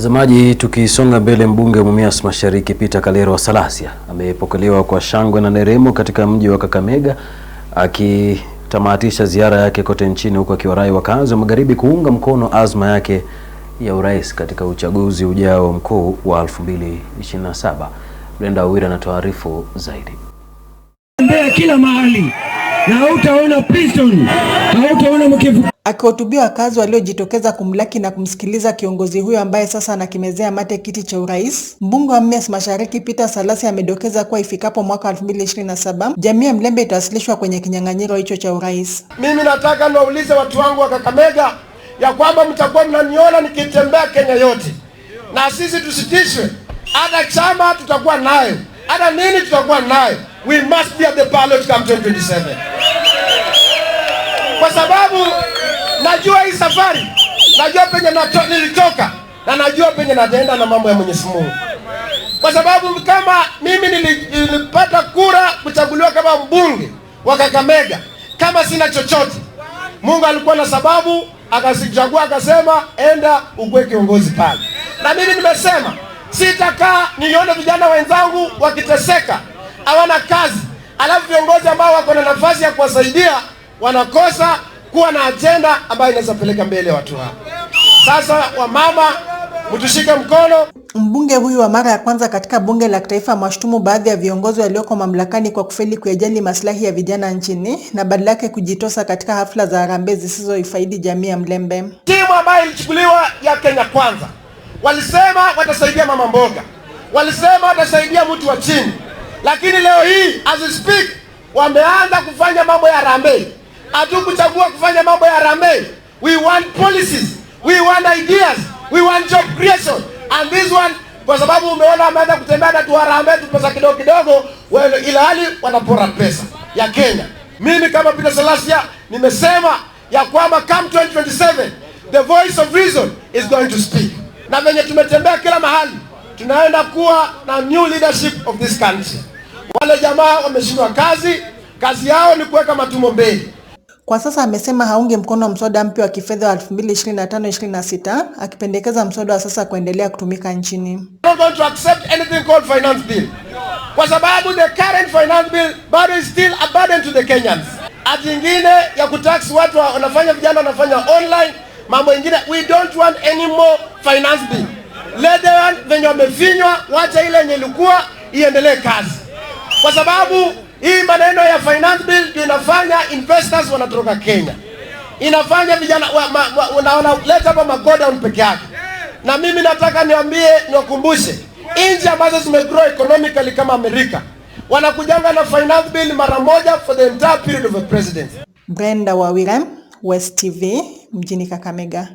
Mtazamaji, tukisonga mbele, mbunge wa Mumias Mashariki Peter Kalero Wasalasia amepokelewa kwa shangwe na nderemo katika mji wa Kakamega akitamatisha ziara yake kote nchini huku akiwarai wakazi wa magharibi kuunga mkono azma yake ya urais katika uchaguzi ujao mkuu wa 2027. Brenda na anatuarifu zaidi. Tembea kila mahali na hautaona prison, hautaona mkivu akihutubia wakazi waliojitokeza kumlaki na kumsikiliza kiongozi huyo ambaye sasa anakimezea mate kiti cha urais, mbunge wa Mumias Mashariki Peter salasi amedokeza kuwa ifikapo mwaka 2027 jamii ya Mlembe itawasilishwa kwenye kinyang'anyiro hicho cha urais. Mimi nataka niwaulize watu wangu wa Kakamega ya kwamba mtakuwa mnaniona nikitembea Kenya yote, na sisi tusitishwe, hata chama tutakuwa naye hata nini tutakuwa naye We must be at the ballot come 2027 kwa sababu najua hii safari, najua penye nato, nilitoka na najua penye nataenda na mambo ya Mwenyezi Mungu, kwa sababu kama mimi nilipata kura kuchaguliwa kama mbunge wa Kakamega kama sina chochote, Mungu alikuwa na sababu akasichagua, akasema enda ukuwe kiongozi pale. Na mimi nimesema sitakaa nione vijana wenzangu wakiteseka, hawana kazi, alafu viongozi ambao wako na nafasi ya kuwasaidia wanakosa kuwa na ajenda ambayo inaweza peleka mbele watu hawa. Sasa wamama, mtushike mkono. Mbunge huyu wa mara ya kwanza katika bunge la kitaifa mashtumu baadhi ya viongozi walioko mamlakani kwa kufeli kuyajali maslahi ya vijana nchini na badala yake kujitosa katika hafla za harambee zisizoifaidi jamii ya Mlembe. Timu ambayo ilichukuliwa ya Kenya Kwanza walisema watasaidia mama mboga, walisema watasaidia mtu wa chini, lakini leo hii as we speak wameanza kufanya mambo ya harambee hatukuchagua kufanya mambo ya rambe. We want policies, we want ideas, we want job creation and this one kwa sababu umeona ameanza kutembea na tuharambe tu pesa kidogo kidogo, wewe ila hali wanapora pesa ya Kenya. Mimi kama Peter Salasia nimesema ya kwamba come 2027 the voice of reason is going to speak, na venye tumetembea kila mahali, tunaenda kuwa na new leadership of this country. Wale jamaa wameshindwa kazi, kazi yao ni kuweka matumbo mbele. Kwa sasa amesema haungi mkono mswada mpya wa kifedha wa 2025 26 akipendekeza mswada wa sasa kuendelea kutumika nchini. Kwa sababu the current finance bill bado is still a burden to the Kenyans. Ajingine ya kutax watu wanafanya vijana wanafanya online mambo ingine, we don't want any more finance bill. Let the venye wamefinywa, wacha ile yenye ilikuwa iendelee kazi kwa sababu hii maneno ya finance bill inafanya investors wanatoka Kenya, inafanya vijana wanaleta hapa magodown peke yake. Na mimi nataka niambie, niwakumbushe nchi ambazo zimegrow economically kama Amerika wanakujanga na finance bill mara moja for the entire period of a president. Brenda Wawira, West TV, mjini Kakamega.